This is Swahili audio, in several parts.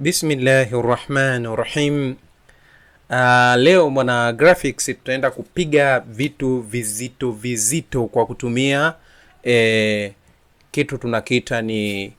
Bismillahi rahmani rahim. Uh, ah, leo mwana graphics tutaenda kupiga vitu vizito vizito kwa kutumia eh, kitu tunakiita ni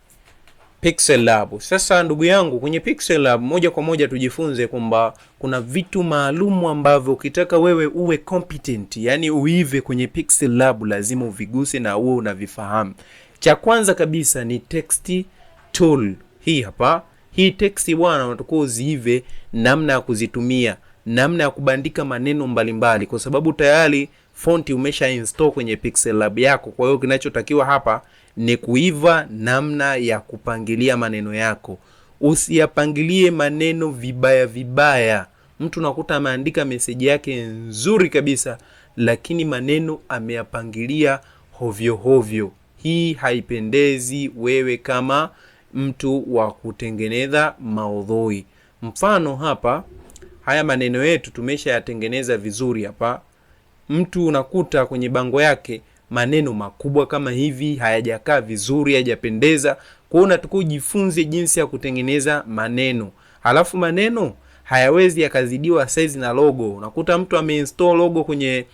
Pixel Lab. Sasa ndugu yangu, kwenye Pixel Lab moja kwa moja tujifunze kwamba kuna vitu maalumu ambavyo ukitaka wewe uwe competent, yani uive kwenye Pixel Lab lazima uviguse na uwe unavifahamu. Cha kwanza kabisa ni text tool hii hapa hii teksti bwana, unatakiwa uziive namna ya kuzitumia, namna ya kubandika maneno mbalimbali, kwa sababu tayari fonti umesha install kwenye Pixel Lab yako. Kwa hiyo kinachotakiwa hapa ni kuiva namna ya kupangilia maneno yako. Usiyapangilie maneno vibaya vibaya. Mtu unakuta ameandika meseji yake nzuri kabisa, lakini maneno ameyapangilia hovyo hovyo. Hii haipendezi wewe kama mtu wa kutengeneza maudhui. Mfano hapa haya maneno yetu tumeshayatengeneza vizuri hapa. Mtu unakuta kwenye bango yake maneno makubwa kama hivi hayajakaa vizuri, hayajapendeza. Kwa hiyo unatakiwa ujifunze jinsi ya kutengeneza maneno, halafu maneno hayawezi yakazidiwa size na logo. Unakuta mtu ameinstall logo kwenye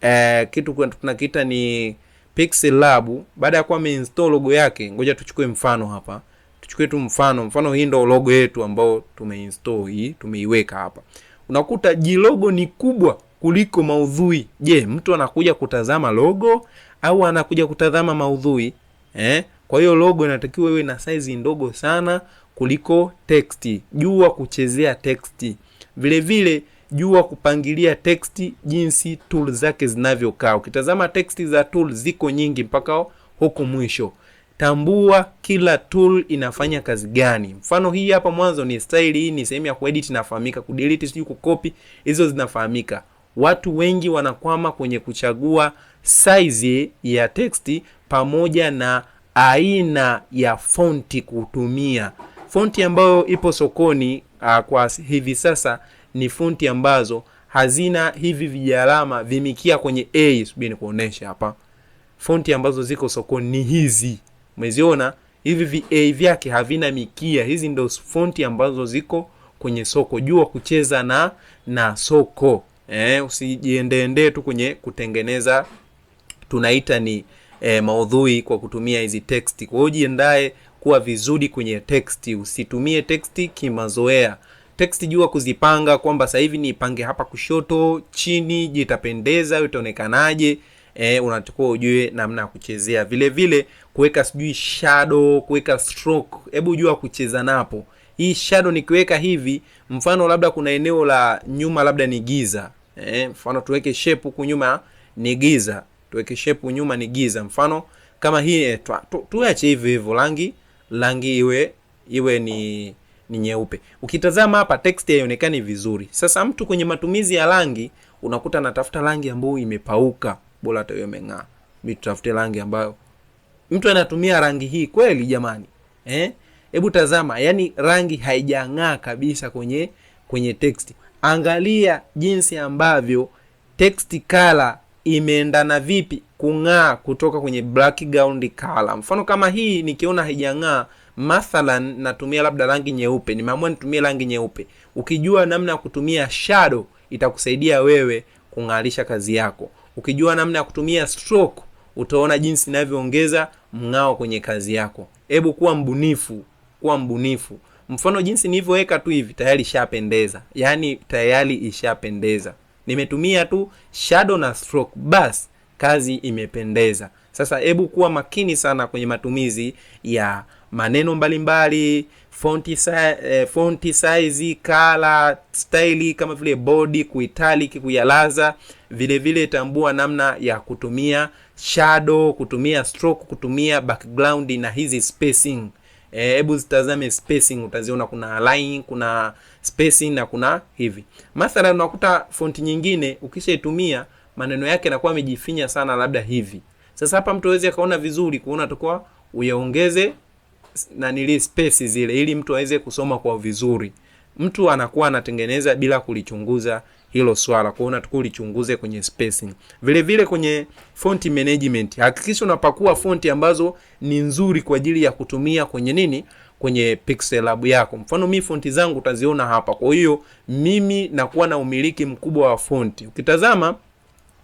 eh, kitu tunakiita ni Pixel Lab. Baada ya kuwa ameinstall logo yake, ngoja tuchukue mfano hapa tuchukue tu mfano, mfano hii ndo logo yetu ambao tumeinstall hii, tumeiweka hapa. Unakuta ji logo ni kubwa kuliko maudhui. Je, mtu anakuja kutazama logo au anakuja kutazama maudhui? Eh? Kwa hiyo logo inatakiwa iwe na size ndogo sana kuliko teksti. Jua kuchezea teksti. Vile vile jua kupangilia teksti jinsi tool zake zinavyokaa. Ukitazama teksti za tool ziko nyingi mpaka huko mwisho tambua kila tool inafanya kazi gani. Mfano hii hapa mwanzo ni style, hii ni sehemu ya kuedit inafahamika, kudelete sijui kukopi, hizo zinafahamika. Watu wengi wanakwama kwenye kuchagua size ya text pamoja na aina ya fonti kutumia. Fonti ambayo ipo sokoni uh, kwa hivi sasa ni fonti ambazo hazina hivi vijarama vimikia kwenye A. Subiri nikuoneshe hapa fonti ambazo ziko sokoni ni hizi umeziona hivi va eh, vyake havina mikia. Hizi ndio fonti ambazo ziko kwenye soko. Jua kucheza na na soko eh, usijiendeendee tu kwenye kutengeneza tunaita ni eh, maudhui kwa kutumia hizi text Kwa hiyo jiendae kuwa vizuri kwenye text usitumie text kimazoea. text jua kuzipanga kwamba sasa hivi nipange hapa kushoto, chini, jitapendeza itaonekanaje? eh, unatakiwa ujue namna ya kuchezea. Vile vile kuweka sijui shadow, kuweka stroke, hebu jua kucheza napo. Hii shadow nikiweka hivi, mfano labda kuna eneo la nyuma labda ni giza eh, mfano tuweke shape huku nyuma ni giza, tuweke shape nyuma ni giza. Mfano kama hii eh, tuache hivi hivyo, rangi rangi iwe iwe ni ni nyeupe. Ukitazama hapa text haionekani vizuri. Sasa mtu kwenye matumizi ya rangi unakuta anatafuta rangi ambayo imepauka bora hata hiyo imeng'aa. Mimi tutafute rangi ambayo mtu anatumia rangi hii kweli jamani, eh? Hebu tazama, yani rangi haijang'aa kabisa kwenye kwenye text. Angalia jinsi ambavyo text color imeendana vipi kung'aa kutoka kwenye background color. Mfano kama hii nikiona haijang'aa, mathalan natumia labda rangi nyeupe, nimeamua nitumie rangi nyeupe. Ukijua namna ya kutumia shadow itakusaidia wewe kung'alisha kazi yako. Ukijua namna ya kutumia stroke, utaona jinsi inavyoongeza mng'ao kwenye kazi yako. Hebu kuwa mbunifu, kuwa mbunifu. Mfano jinsi nilivyoweka tu hivi, tayari ishapendeza, yaani tayari ishapendeza. Nimetumia tu shadow na stroke, bas kazi imependeza. Sasa hebu kuwa makini sana kwenye matumizi ya maneno mbalimbali mbali, fonti size, eh, fonti size, color style kama vile bodi, kuitaliki, kuyalaza. Vile vile tambua namna ya kutumia shadow, kutumia stroke, kutumia background na hizi spacing. Eh, hebu eh, zitazame spacing, utaziona kuna line kuna spacing na kuna hivi. Mathalan unakuta fonti nyingine ukishaitumia maneno yake yanakuwa amejifinya sana, labda hivi. Sasa hapa mtu awezi akaona vizuri kuona, atakuwa uyaongeze nanili spesi zile, ili mtu aweze kusoma kwa vizuri. Mtu anakuwa anatengeneza bila kulichunguza hilo swala. Kwa hiyo unatakiwa ulichunguze kwenye spacing. Vile vile kwenye font management, hakikisha unapakua fonti ambazo ni nzuri kwa ajili ya kutumia kwenye nini? Kwenye Pixel Lab yako. Mfano mi fonti zangu utaziona hapa. Kwa hiyo mimi nakuwa na umiliki mkubwa wa fonti. Ukitazama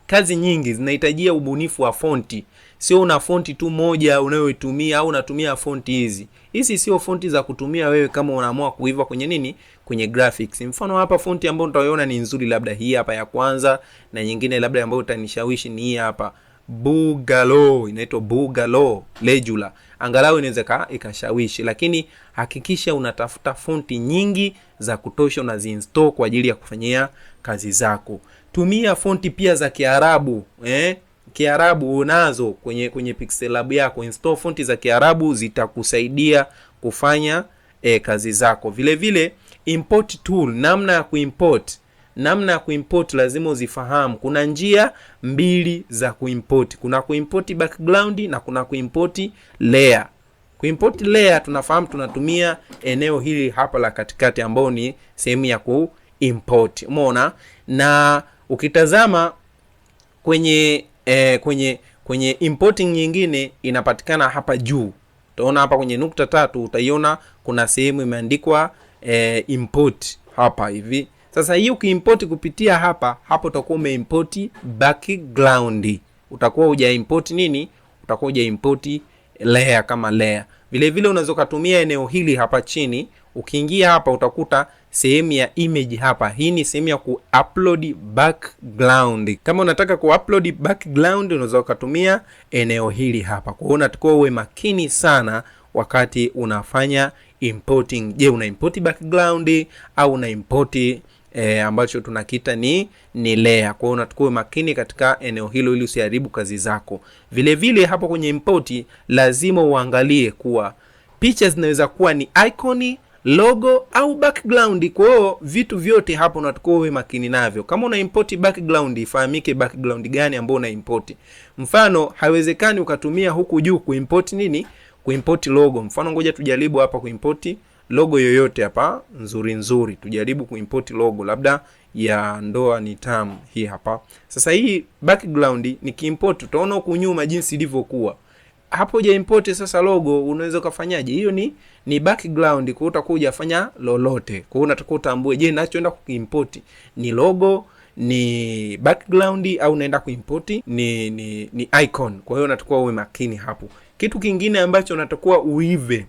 kazi nyingi zinahitajia ubunifu wa fonti sio una fonti tu moja unayoitumia au unatumia fonti hizi. Hizi sio fonti za kutumia wewe kama unaamua kuiva kwenye nini, kwenye graphics. Mfano hapa fonti ambayo utaiona ni nzuri, labda hii hapa ya kwanza, na nyingine labda ambayo utanishawishi ni hii hapa Bugalo, inaitwa Bugalo Legula, angalau inaweza ikashawishi, lakini hakikisha unatafuta fonti nyingi za kutosha, unaziinstall kwa ajili ya kufanyia kazi zako. Tumia fonti pia za Kiarabu eh? Kiarabu unazo kwenye kwenye Pixel Lab yako, install fonti za Kiarabu zitakusaidia kufanya e, kazi zako. Vile vile import tool, namna ya kuimport namna ya kuimport lazima uzifahamu. Kuna njia mbili za kuimport, kuna kuimport background na kuna kuimport layer. Kuimport layer tunafahamu, tunatumia eneo hili hapa la katikati, ambao ni sehemu ya kuimport, umeona. Na ukitazama kwenye e, kwenye kwenye importing nyingine inapatikana hapa juu. Utaona hapa kwenye nukta tatu utaiona kuna sehemu imeandikwa e, import hapa hivi. Sasa hii ukiimport kupitia hapa hapo utakuwa umeimport background, utakuwa hujaimport nini, utakuwa hujaimport layer kama layer. Vile vile unaweza kutumia eneo hili hapa chini ukiingia hapa utakuta sehemu ya image hapa. Hii ni sehemu ya kuupload background. Kama unataka kuupload background, unaweza ukatumia eneo hili hapa. Kwa hiyo unatakiwa uwe makini sana wakati unafanya importing. Je, una import background au una import E, ambacho tunakita ni ni lea Kwa hiyo unatakiwa makini katika eneo hilo ili usiharibu kazi zako. Vile vile hapo kwenye import lazima uangalie kuwa picha zinaweza kuwa ni icon logo au background. Kwa hiyo vitu vyote hapo unatakiwa uwe makini navyo. Kama una import background, ifahamike background gani ambayo una import. Mfano, haiwezekani ukatumia huku juu kuimport nini? Kuimport logo. Mfano, ngoja tujaribu hapa kuimport logo yoyote hapa nzuri nzuri, tujaribu kuimport logo labda ya ndoa ni tamu, hii hapa. Sasa hii background nikiimport, utaona huku nyuma jinsi ilivyokuwa hapo impoti sasa logo, unaweza ukafanyaje? Hiyo ni ni background, kwa utakuwa hujafanya lolote. Kwa hiyo unatakiwa utambue, je, nachoenda kukiimport ni logo ni background au naenda kuimport ni, ni ni icon. Kwa hiyo unatakiwa uwe makini hapo. Kitu kingine ambacho unatakiwa uive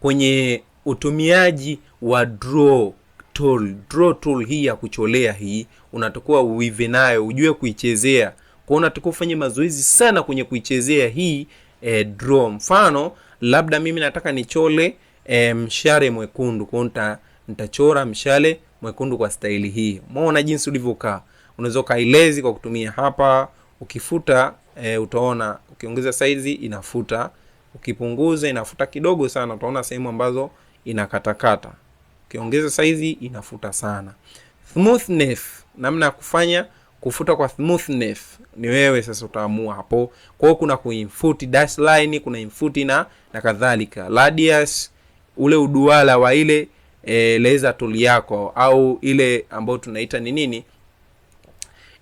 kwenye utumiaji wa draw tool, draw tool hii ya kucholea hii unatakiwa uive nayo, ujue kuichezea kwa unatakiwa ufanye mazoezi sana kwenye kuichezea hii e, eh, draw. Mfano labda mimi nataka nichole e, mshale mwekundu, kwa nita nitachora mshale mwekundu kwa staili hii. Umeona jinsi ulivyokaa, unaweza kailezi kwa kutumia hapa, ukifuta e, utaona ukiongeza saizi inafuta, ukipunguza inafuta kidogo sana, utaona sehemu ambazo inakatakata, ukiongeza saizi inafuta sana. Smoothness, namna ya kufanya kufuta kwa smoothness ni wewe sasa utaamua hapo. Kwa hiyo kuna kuinfuti dash line, kuna infuti na na kadhalika, radius, ule uduala wa ile e, laser tool yako au ile ambayo tunaita ni nini,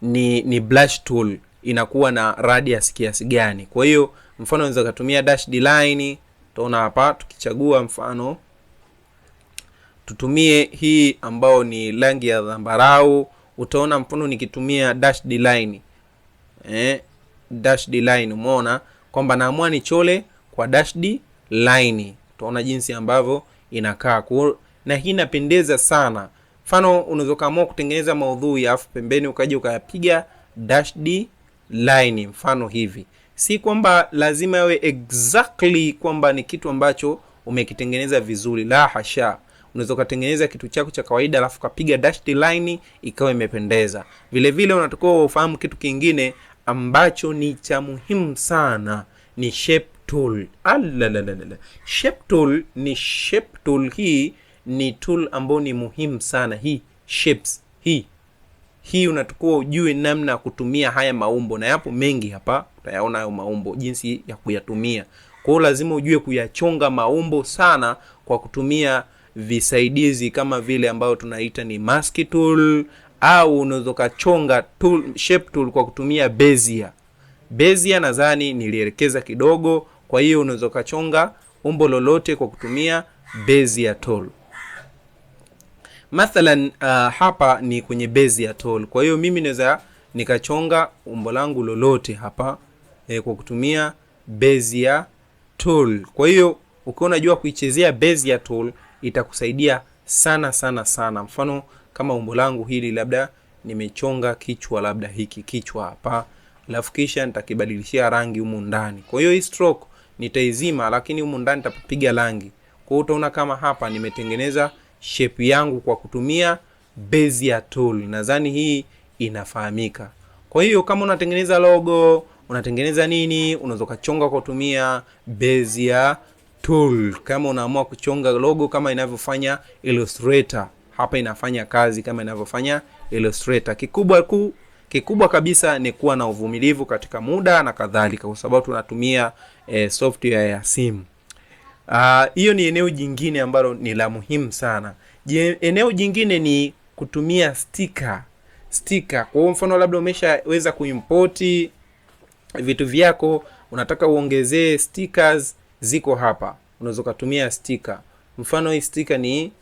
ni ni blush tool inakuwa na radius kiasi gani. Kwa hiyo mfano unaweza kutumia dash line, tutaona hapa tukichagua mfano tutumie hii ambayo ni rangi ya zambarau utaona mfano nikitumia dash d line eh, dash d line umeona kwamba naamua nichole kwa dash d line, utaona jinsi ambavyo inakaa kwa, na hii inapendeza sana. Mfano unaweza kaamua kutengeneza maudhui afu pembeni ukaja ukayapiga dash d line, mfano hivi. Si kwamba lazima yawe exactly kwamba ni kitu ambacho umekitengeneza vizuri, la hasha unaweza ukatengeneza kitu chako cha kawaida alafu ukapiga dashed line ikawa imependeza. Vile vile unatakiwa ufahamu kitu kingine ambacho ni cha muhimu sana ni shape tool. Alalalala. Ah, shape tool ni shape tool, hii ni tool ambayo ni muhimu sana hii shapes hii hii unatakiwa ujue namna ya kutumia haya maumbo, na yapo mengi hapa, utayaona hayo maumbo jinsi ya kuyatumia. Kwa hiyo lazima ujue kuyachonga maumbo sana kwa kutumia visaidizi kama vile ambayo tunaita ni mask tool, au unaweza ukachonga tool, shape tool kwa kutumia Bezier. Bezier nadhani nilielekeza kidogo, kwa hiyo unaweza ukachonga umbo lolote kwa kutumia Bezier tool. Mathalan uh, hapa ni kwenye Bezier tool, kwa hiyo mimi naweza nikachonga umbo langu lolote hapa eh, kwa kutumia Bezier tool. Kwa hiyo ukiwa unajua kuichezea Bezier tool itakusaidia sana sana sana. Mfano kama umbo langu hili, labda nimechonga kichwa, labda hiki kichwa hapa, alafu kisha nitakibadilishia rangi humu ndani. Kwa hiyo hii stroke nitaizima, lakini humu ndani nitapiga rangi. Kwa hiyo utaona kama hapa nimetengeneza shape yangu kwa kutumia ya tool. Nadhani hii inafahamika. Kwa hiyo kama unatengeneza logo, unatengeneza nini, unaweza ukachonga kwa kutumia ya tool kama unaamua kuchonga logo kama inavyofanya Illustrator. Hapa inafanya kazi kama inavyofanya Illustrator. Kikubwa ku, kikubwa kabisa ni kuwa na uvumilivu katika muda na kadhalika, kwa sababu tunatumia e, software ya simu. Ah, hiyo ni eneo jingine ambalo ni la muhimu sana. Je, eneo jingine ni kutumia sticker sticker Kwa mfano, labda umeshaweza kuimport vitu vyako, unataka uongezee stickers ziko hapa, unaweza ukatumia stika. Mfano hii stika ni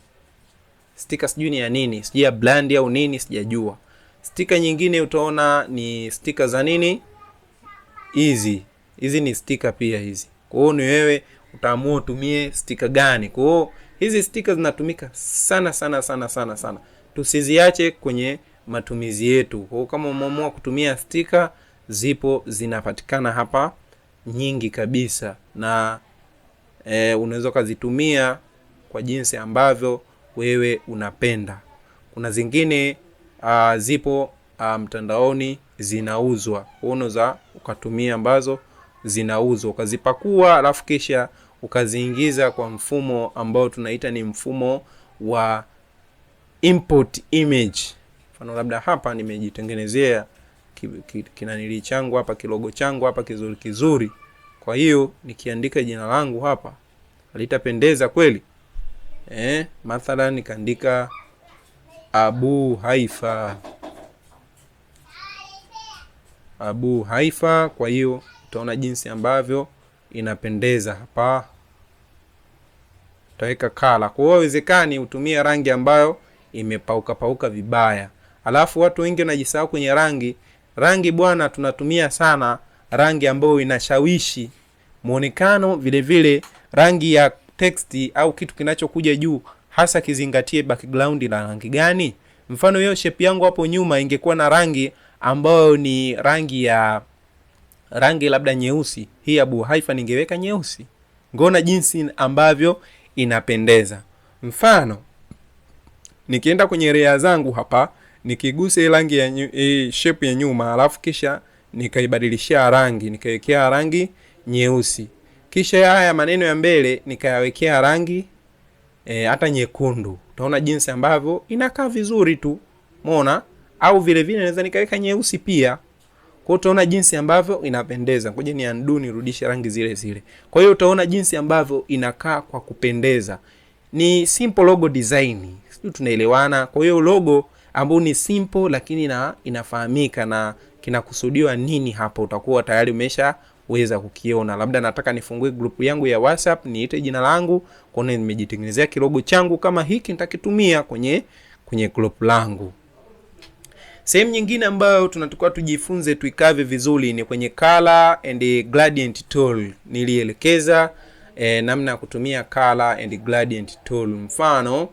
stika, sijui ni ya nini, sijui ya brand au nini, sijajua. Stika nyingine utaona ni stika za nini, hizi hizi ni stika pia hizi. Kwa hiyo ni wewe utaamua utumie stika gani. Kwa hiyo hizi stika zinatumika sana sana sana sana sana, tusiziache kwenye matumizi yetu. Kwa hiyo kama umeamua kutumia stika, zipo zinapatikana hapa nyingi kabisa na e, unaweza ukazitumia kwa jinsi ambavyo wewe unapenda. Kuna zingine a, ah, zipo a, ah, mtandaoni zinauzwa, unaweza ukatumia ambazo zinauzwa ukazipakua, alafu kisha ukaziingiza kwa mfumo ambao tunaita ni mfumo wa import image. Mfano labda hapa nimejitengenezea kinanili changu hapa, kilogo changu hapa kizuri kizuri kwa hiyo nikiandika jina langu hapa litapendeza kweli eh? mathala nikaandika Abu Haifa, Abu Haifa. Kwa hiyo utaona jinsi ambavyo inapendeza hapa, utaweka kala. Kwa hiyo haiwezekani utumie rangi ambayo imepauka pauka vibaya. Alafu watu wengi wanajisahau kwenye rangi. Rangi bwana, tunatumia sana rangi ambayo inashawishi muonekano, vile vile rangi ya teksti au kitu kinachokuja juu, hasa kizingatie background la rangi gani. Mfano hiyo shape yangu hapo nyuma ingekuwa na rangi ambayo ni rangi ya rangi labda nyeusi, hii ya Abu Hyphen ningeweka nyeusi. Ngona jinsi ambavyo inapendeza. Mfano nikienda kwenye rea zangu hapa nikigusa rangi ya nyu, e, shape ya nyuma alafu kisha nikaibadilishia rangi nikawekea rangi nyeusi, kisha haya maneno ya mbele nikayawekea rangi e, hata nyekundu. Utaona jinsi ambavyo inakaa vizuri tu, umeona? Au vile vile naweza nikaweka nyeusi pia, kwa utaona jinsi ambavyo inapendeza. Ngoja ni andu nirudishe rangi zile zile. Kwa hiyo utaona jinsi ambavyo inakaa kwa kupendeza. Ni simple logo design, sio? Tunaelewana. Kwa hiyo logo ambayo ni simple lakini na inafahamika na kinakusudiwa nini hapo, utakuwa tayari umesha weza kukiona. Labda nataka nifungue grupu yangu ya WhatsApp, niite jina langu, kuona nimejitengenezea kilogo changu kama hiki, nitakitumia kwenye kwenye grupu langu. Sehemu nyingine ambayo tunatakiwa tujifunze tuikave vizuri ni kwenye color and gradient tool. Nilielekeza eh, namna ya kutumia color and gradient tool. Mfano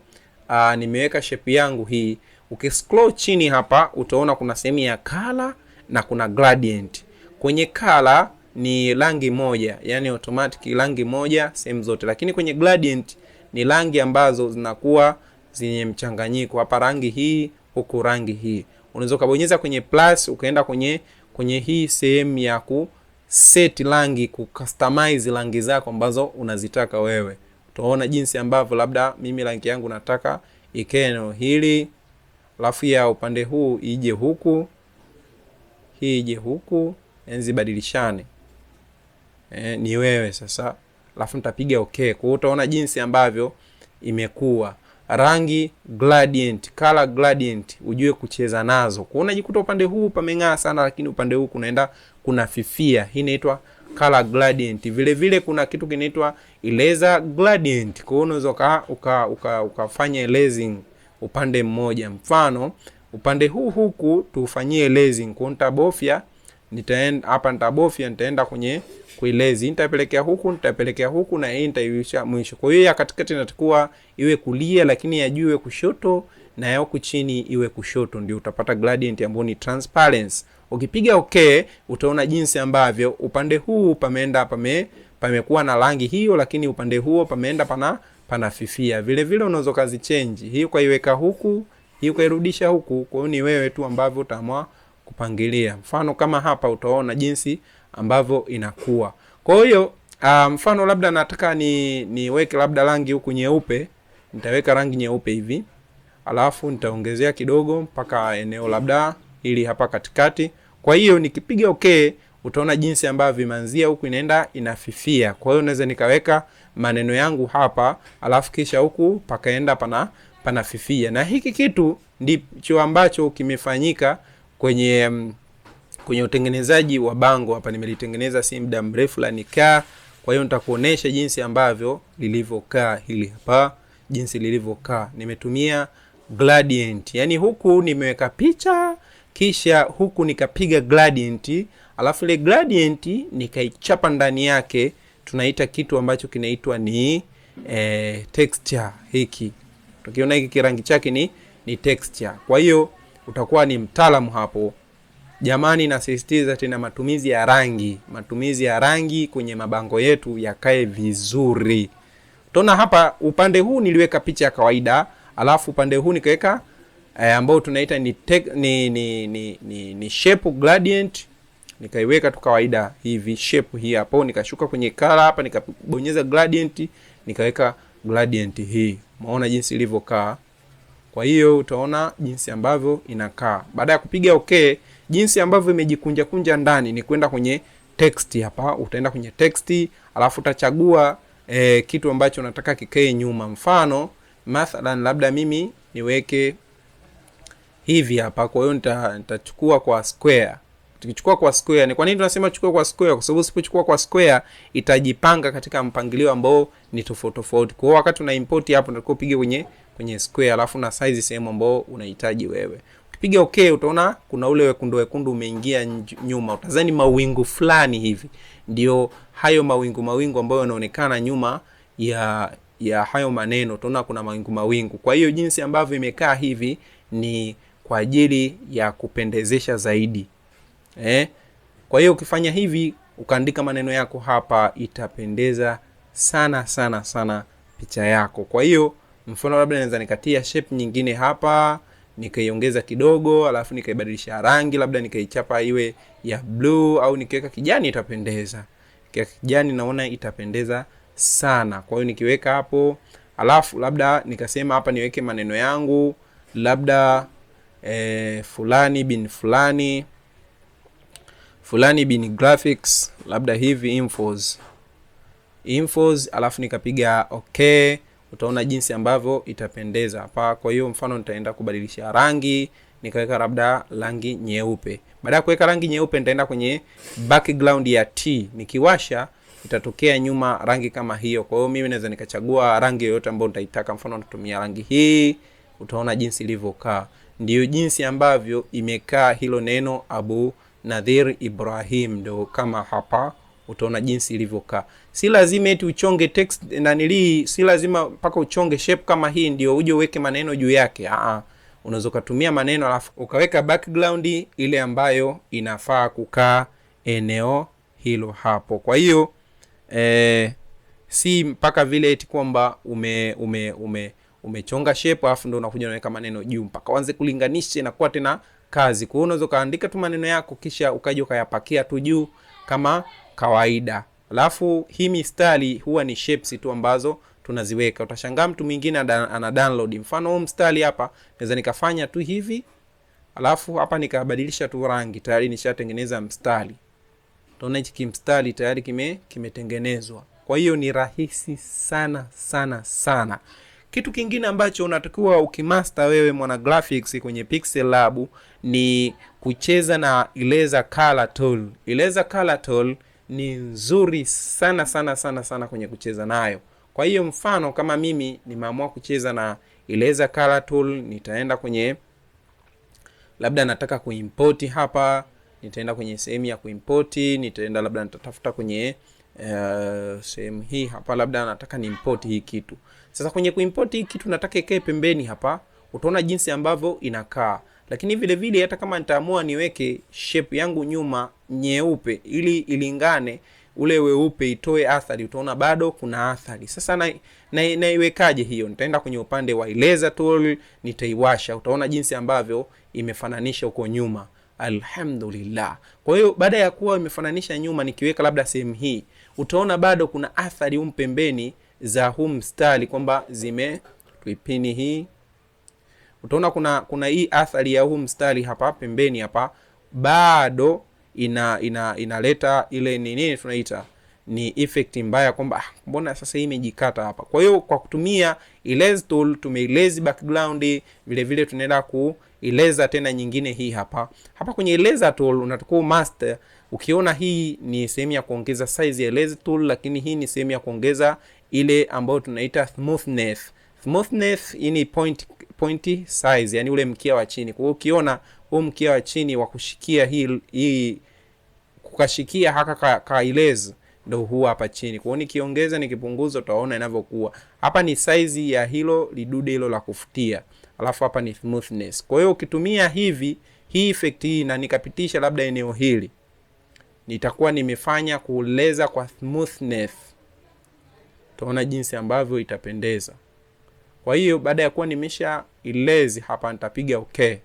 aa, ah, nimeweka shape yangu hii, ukiscroll chini hapa utaona kuna sehemu ya color na kuna gradient. Kwenye kala ni rangi moja, yani automatic rangi moja sehemu zote, lakini kwenye gradient ni rangi ambazo zinakuwa zenye mchanganyiko, hapa rangi hii, huku rangi hii. Unaweza ukabonyeza kwenye plus ukaenda kwenye kwenye hii sehemu ya ku set rangi, ku customize rangi zako ambazo unazitaka wewe. Utaona jinsi ambavyo labda mimi rangi yangu nataka ikeno hili, alafu ya upande huu ije huku hii ije huku badilishane E, ni wewe sasa, alafu nitapiga okay. Kwa hiyo utaona jinsi ambavyo imekuwa rangi gradient, color gradient, ujue kucheza nazo. Kwa unajikuta upande huu pameng'aa sana, lakini upande huu kunaenda kuna fifia. Hii inaitwa color gradient. Vile vile kuna kitu kinaitwa eraser gradient. Kwa hiyo unaweza uka, ukafanya uka, erasing upande mmoja, mfano upande huu huku tufanyie lazing kwa nitabofya nitaenda hapa, nitabofya nitaenda kwenye kwa lazing, nitapelekea huku nitapelekea huku na hii nitaiwisha mwisho. Kwa hiyo ya katikati inatakuwa iwe kulia, lakini ya juu iwe kushoto na ya huku chini iwe kushoto, ndio utapata gradient ambayo ni transparency. Ukipiga okay, utaona jinsi ambavyo upande huu pameenda pame pamekuwa na rangi hiyo, lakini upande huo pameenda pana panafifia. Vile vile unaweza kazi change hii kwa iweka huku hii ukairudisha huku. Kwa hiyo ni wewe tu ambavyo utaamua kupangilia. Mfano kama hapa utaona jinsi ambavyo inakuwa. Kwa hiyo uh, mfano labda nataka ni niweke labda rangi huku nyeupe, nitaweka rangi nyeupe hivi, alafu nitaongezea kidogo mpaka eneo labda ili hapa katikati. Kwa hiyo nikipiga okay, utaona jinsi ambavyo imeanzia huku inaenda inafifia. Kwa hiyo naweza nikaweka maneno yangu hapa, alafu kisha huku pakaenda pana panafifia, na hiki kitu ndicho ambacho kimefanyika kwenye mm, kwenye utengenezaji wa bango hapa. Nimelitengeneza si muda mrefu la nikaa, kwa hiyo nitakuonesha jinsi ambavyo lilivyokaa hili hapa, jinsi lilivyokaa. Nimetumia gradient, yani huku nimeweka picha, kisha huku nikapiga gradient, alafu ile gradient nikaichapa ndani yake, tunaita kitu ambacho kinaitwa ni eh, texture hiki Tukiona hiki kirangi chake ni, ni texture. Kwa hiyo utakuwa ni mtaalamu hapo. Jamani, nasisitiza tena matumizi ya rangi, matumizi ya rangi kwenye mabango yetu yakae vizuri. Utaona hapa upande huu niliweka picha ya kawaida, alafu upande huu nikaweka eh, ambao tunaita ni, tek, ni, ni, ni, ni, ni shape gradient nikaiweka tu kawaida hivi shape hii hapo, nikashuka kwenye color hapa, nikabonyeza gradient, nikaweka gradient hii. Umeona jinsi ilivyokaa. Kwa hiyo utaona jinsi ambavyo inakaa. Baada ya kupiga okay, jinsi ambavyo imejikunja kunja ndani ni kwenda kwenye text hapa, utaenda kwenye text, alafu utachagua e, kitu ambacho unataka kikae nyuma. Mfano mathalan, labda mimi niweke hivi hapa, kwa hiyo nitachukua kwa square tukichukua kwa square. Ni kwa nini tunasema chukua kwa square? Kwa sababu usipochukua kwa square itajipanga katika mpangilio ambao ni tofauti tofauti. Kwa hiyo wakati una import hapo ndio upige kwenye kwenye square, alafu na size sehemu ambao unahitaji wewe. Ukipiga okay, utaona kuna ule wekundu wekundu umeingia nyuma, utazani mawingu fulani hivi, ndio hayo mawingu mawingu ambayo yanaonekana nyuma ya ya hayo maneno, utaona kuna mawingu mawingu. Kwa hiyo jinsi ambavyo imekaa hivi ni kwa ajili ya kupendezesha zaidi eh. Kwa hiyo ukifanya hivi ukaandika maneno yako hapa, itapendeza sana sana sana picha yako. Kwa hiyo mfano labda naweza nikatia shape nyingine hapa nikaiongeza kidogo, alafu nikaibadilisha rangi, labda nikaichapa iwe ya blue au nikiweka kijani itapendeza. Kiweka kijani naona itapendeza sana. Kwa hiyo nikiweka hapo, alafu labda nikasema hapa niweke maneno yangu labda eh, fulani bin fulani fulani bin graphics labda hivi infos infos, alafu nikapiga okay, utaona jinsi ambavyo itapendeza hapa. Kwa hiyo mfano nitaenda kubadilisha rangi nikaweka labda rangi nyeupe. Baada ya kuweka rangi nyeupe, nitaenda kwenye background ya T, nikiwasha itatokea nyuma rangi kama hiyo. Kwa hiyo mimi naweza nikachagua rangi yoyote ambayo nitaitaka, mfano natumia rangi hii, utaona jinsi ilivyokaa. Ndiyo jinsi ambavyo imekaa hilo neno abu Nadhir Ibrahim, ndo kama hapa utaona jinsi ilivyokaa. Si lazima eti uchonge text nanili, si lazima mpaka uchonge shape kama hii ndio uje uweke maneno juu yake. unaweza ukatumia maneno alafu ukaweka background ile ambayo inafaa kukaa eneo hilo hapo. Kwa hiyo e, si mpaka vile eti kwamba ume ume ume umechonga shape alafu ndo unakuja unaweka maneno juu, mpaka uanze kulinganisha, inakuwa tena kazi. Kwa hiyo unaweza ukaandika tu maneno yako kisha ukaja ukayapakia tu juu kama kawaida. Alafu hii mistari huwa ni shapes tu ambazo tunaziweka. Utashangaa mtu mwingine ana download. Mfano huu mstari hapa naweza nikafanya tu hivi. Alafu hapa nikabadilisha tu rangi, tayari nishatengeneza mstari. Tunaona hichi kimstari tayari kime kimetengenezwa. Kwa hiyo ni rahisi sana sana sana. Kitu kingine ambacho unatakiwa ukimasta wewe mwana graphics kwenye Pixel Lab ni kucheza na Eraser Color Tool. Eraser Color Tool ni nzuri sana sana sana sana kwenye kucheza nayo. Kwa hiyo mfano kama mimi nimeamua kucheza na Eraser Color Tool, nitaenda kwenye labda nataka kuimport hapa, nitaenda kwenye sehemu ya kuimport, nitaenda labda nitatafuta kwenye Eh, sehemu hii hapa, labda nataka ni import hii kitu. Sasa kwenye kuimport hii kitu nataka ikae pembeni hapa, utaona jinsi ambavyo inakaa, lakini vile vile hata kama nitaamua niweke shape yangu nyuma nyeupe ili ilingane ule weupe itoe athari, utaona bado kuna athari. Sasa na, na, naiwekaje hiyo? Nitaenda kwenye upande wa eraser tool, nitaiwasha, utaona jinsi ambavyo imefananisha huko nyuma. Alhamdulillah. Kwa hiyo baada ya kuwa imefananisha nyuma, nikiweka labda sehemu hii utaona bado kuna athari humu pembeni za huu mstari kwamba zime tuipini hii, utaona kuna kuna hii athari ya huu mstari hapa pembeni hapa bado ina inaleta ile ile nini tunaita ni effect mbaya, kwamba ah, mbona sasa hii imejikata hapa. Kwa hiyo kwa kutumia erase tool tumeerase background, vile vile tunaenda kueleza tena nyingine hii hapa hapa. Kwenye eraser tool unatakiwa master Ukiona hii ni sehemu ya kuongeza size ya lens tool, lakini hii ni sehemu ya kuongeza ile ambayo tunaita smoothness. Smoothness hii ni point point size, yani ule mkia wa chini. Kwa hiyo ukiona huu mkia wa chini wa kushikia hii hii kukashikia haka ka, ka lens ndo huwa hapa chini. Kwa hiyo nikiongeza nikipunguza, utaona inavyokuwa. Hapa ni size ya hilo lidude hilo la kufutia, alafu hapa ni smoothness. Kwa hiyo ukitumia hivi hii effect hii na nikapitisha labda eneo hili nitakuwa nimefanya kuleza kwa smoothness. Utaona jinsi ambavyo itapendeza. Kwa hiyo baada ya kuwa nimesha ilezi hapa, nitapiga okay.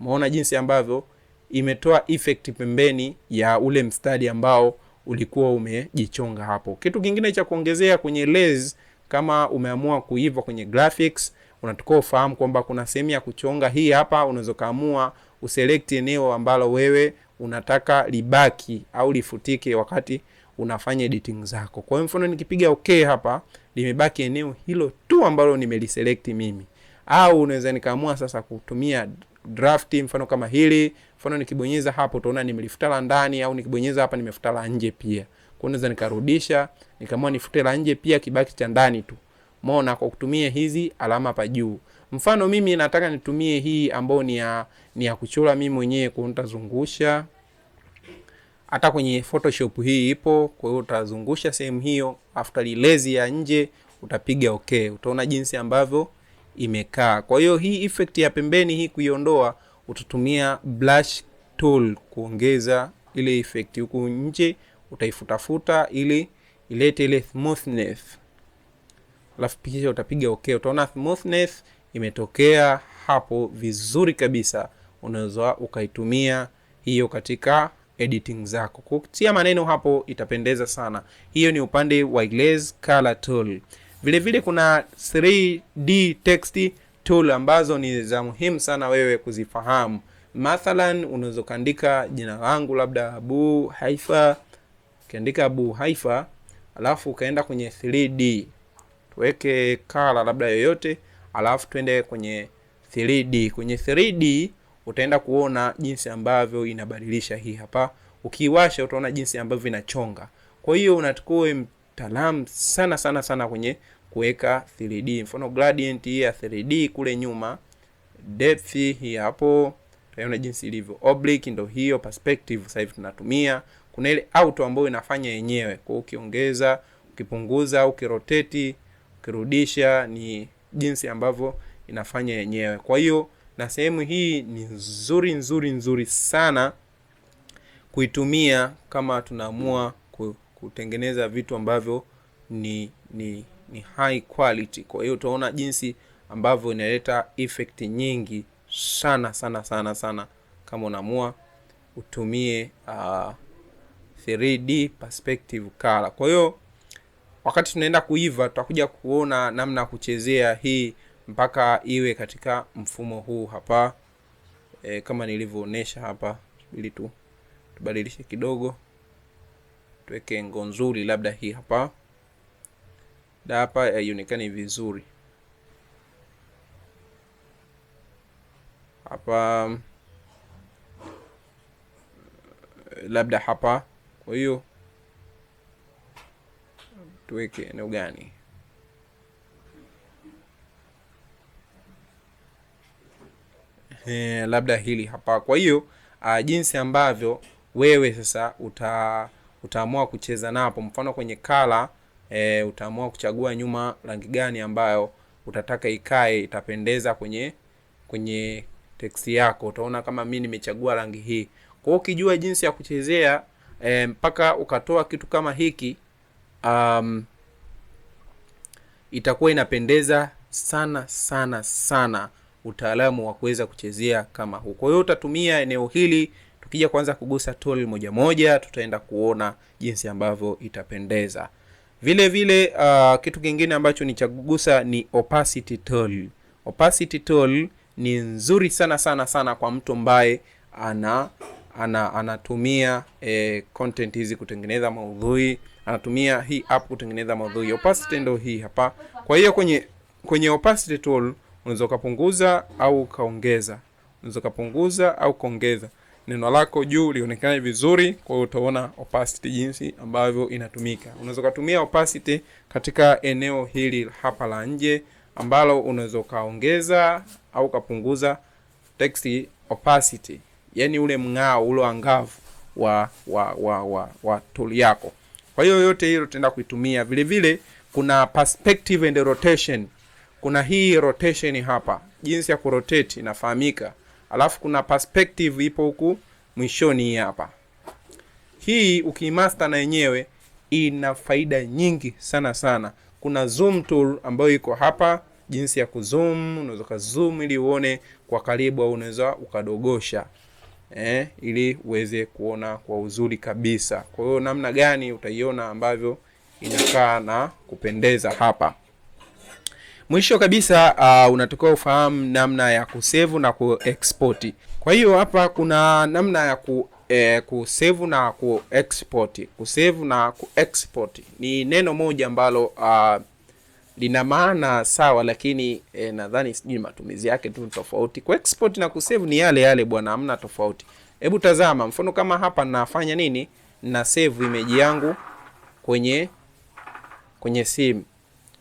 Umeona jinsi ambavyo imetoa effect pembeni ya ule mstari ambao ulikuwa umejichonga hapo. Kitu kingine cha kuongezea kwenye layers, kama umeamua kuiva kwenye graphics, unatakiwa ufahamu kwamba kuna sehemu ya kuchonga hii hapa. Unaweza ukaamua uselect eneo ambalo wewe unataka libaki au lifutike wakati unafanya editing zako. Kwa hiyo mfano nikipiga okay hapa, limebaki eneo hilo tu ambalo nimeliselect mimi, au unaweza nikaamua sasa kutumia draft, mfano kama hili. Mfano nikibonyeza hapo, utaona nimelifuta la ndani, au nikibonyeza hapa, nimefuta la nje pia. Kwa hiyo nikarudisha, nikaamua nifute la nje pia, kibaki cha ndani tu. mona kwa kutumia hizi alama hapa juu. Mfano mimi nataka nitumie hii ambayo ni ya ni ya kuchora mimi mwenyewe, kwa nitazungusha hata kwenye Photoshop hii ipo. Kwa hiyo utazungusha sehemu hiyo, after lezi ya nje utapiga okay, utaona jinsi ambavyo imekaa. Kwa hiyo hii effect ya pembeni hii kuiondoa, utatumia brush tool kuongeza ile effect huku nje, utaifutafuta ili ilete ile smoothness, alafu kisha utapiga okay, utaona smoothness imetokea hapo vizuri kabisa, unaweza ukaitumia hiyo katika editing zako, kutia maneno hapo itapendeza sana. Hiyo ni upande wa Glaze Color Tool. Vile vile kuna 3D text tool ambazo ni za muhimu sana wewe kuzifahamu. Mathalan, unaweza ukaandika jina langu labda Abu Haifa, ukiandika Abu Haifa alafu ukaenda kwenye 3D, tuweke kala labda yoyote alafu twende kwenye 3D. Kwenye 3D utaenda kuona jinsi ambavyo inabadilisha hii hapa, ukiwasha utaona jinsi ambavyo inachonga. Kwa hiyo unatakuwa mtaalamu sana sana sana kwenye kuweka 3D, mfano gradient hii ya 3D kule nyuma, depth hii hapo tutaona jinsi ilivyo. Oblique ndio hiyo perspective sasa hivi tunatumia. Kuna ile auto ambayo inafanya yenyewe, kwa ukiongeza, ukipunguza, ukiroteti ukirudisha ni jinsi ambavyo inafanya yenyewe. Kwa hiyo na sehemu hii ni nzuri nzuri nzuri sana kuitumia kama tunaamua kutengeneza vitu ambavyo ni ni ni high quality. Kwa hiyo utaona jinsi ambavyo inaleta effect nyingi sana sana sana sana kama unaamua utumie uh, ah, 3D perspective color. Kwa hiyo wakati tunaenda kuiva tutakuja kuona namna ya kuchezea hii mpaka iwe katika mfumo huu hapa e, kama nilivyoonesha hapa, ili tu tubadilishe kidogo, tuweke ngo nzuri, labda hii hapa da hapa eh, haionekani vizuri hapa, eh, labda hapa, kwa hiyo tuweke eneo gani? E, labda hili hapa. Kwa hiyo uh, jinsi ambavyo wewe sasa uta utaamua kucheza napo, mfano kwenye kala e, utaamua kuchagua nyuma rangi gani ambayo utataka ikae itapendeza kwenye kwenye teksi yako. Utaona kama mi nimechagua rangi hii. Kwa hiyo ukijua jinsi ya kuchezea e, mpaka ukatoa kitu kama hiki um, itakuwa inapendeza sana sana sana utaalamu wa kuweza kuchezea kama huu. Kwa hiyo utatumia eneo hili, tukija kwanza kugusa tool moja moja, tutaenda kuona jinsi ambavyo itapendeza. Vile vile uh, kitu kingine ambacho ni cha kugusa ni opacity tool. Opacity tool ni nzuri sana sana sana kwa mtu ambaye ana, ana anatumia eh, content hizi kutengeneza maudhui anatumia hii app kutengeneza maudhui ya opacity, ndio hii hapa. Kwa hiyo kwenye kwenye opacity tool unaweza ukapunguza au ukaongeza, unaweza ukapunguza au ukaongeza neno lako juu lionekane vizuri. Kwa hiyo utaona opacity jinsi ambavyo inatumika. Unaweza ukatumia opacity katika eneo hili hapa la nje, ambalo unaweza ukaongeza au ukapunguza text opacity, yaani ule mng'ao ule angavu wa wa wa wa, wa tool yako. Kwa hiyo yote hiyo tutaenda kuitumia vile vile. Kuna perspective and rotation, kuna hii rotation hapa, jinsi ya kurotate inafahamika, alafu kuna perspective ipo huku mwishoni hii hapa. Hii ukimaster na yenyewe ina faida nyingi sana sana. Kuna zoom tool ambayo iko hapa, jinsi ya kuzoom. Unaweza ukazoom ili uone kwa karibu, au unaweza ukadogosha eh, ili uweze kuona kwa uzuri kabisa. Kwa hiyo namna gani utaiona ambavyo inakaa na kupendeza hapa. Mwisho kabisa uh, unatakiwa ufahamu namna ya kusevu na kuexport. Kwa hiyo hapa kuna namna ya ku eh, kusevu na kuexport. Kusevu na kuexport ni neno moja ambalo uh, lina maana sawa, lakini e, nadhani sijui matumizi yake tu tofauti. Ku export na kusave ni yale yale bwana, hamna tofauti. Hebu tazama mfano kama hapa nafanya nini, na save image yangu kwenye kwenye simu.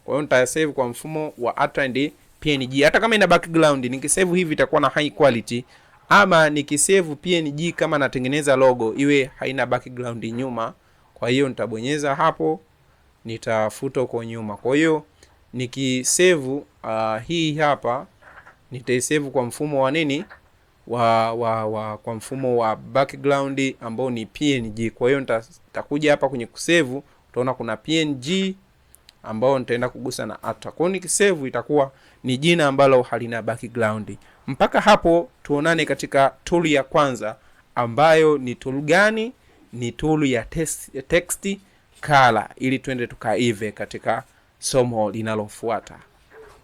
Kwa hiyo nitasave kwa mfumo wa Atland PNG. Hata kama ina background, nikisave hivi itakuwa na high quality, ama nikisave PNG kama natengeneza logo iwe haina background nyuma. Kwa hiyo nitabonyeza hapo, nitafuta huko nyuma, kwa hiyo nikisevu uh, hii hapa nitaisave kwa mfumo wa nini wa, wa, wa kwa mfumo wa background ambao ni PNG. Kwa hiyo nitakuja hapa kwenye kusevu, utaona kuna PNG ambao nitaenda kugusa na ata. Kwa hiyo nikisevu itakuwa ni jina ambalo halina background. Mpaka hapo tuonane katika tool ya kwanza ambayo ni tool gani? Ni tool ya text, text color ili tuende tukaive katika somo linalofuata.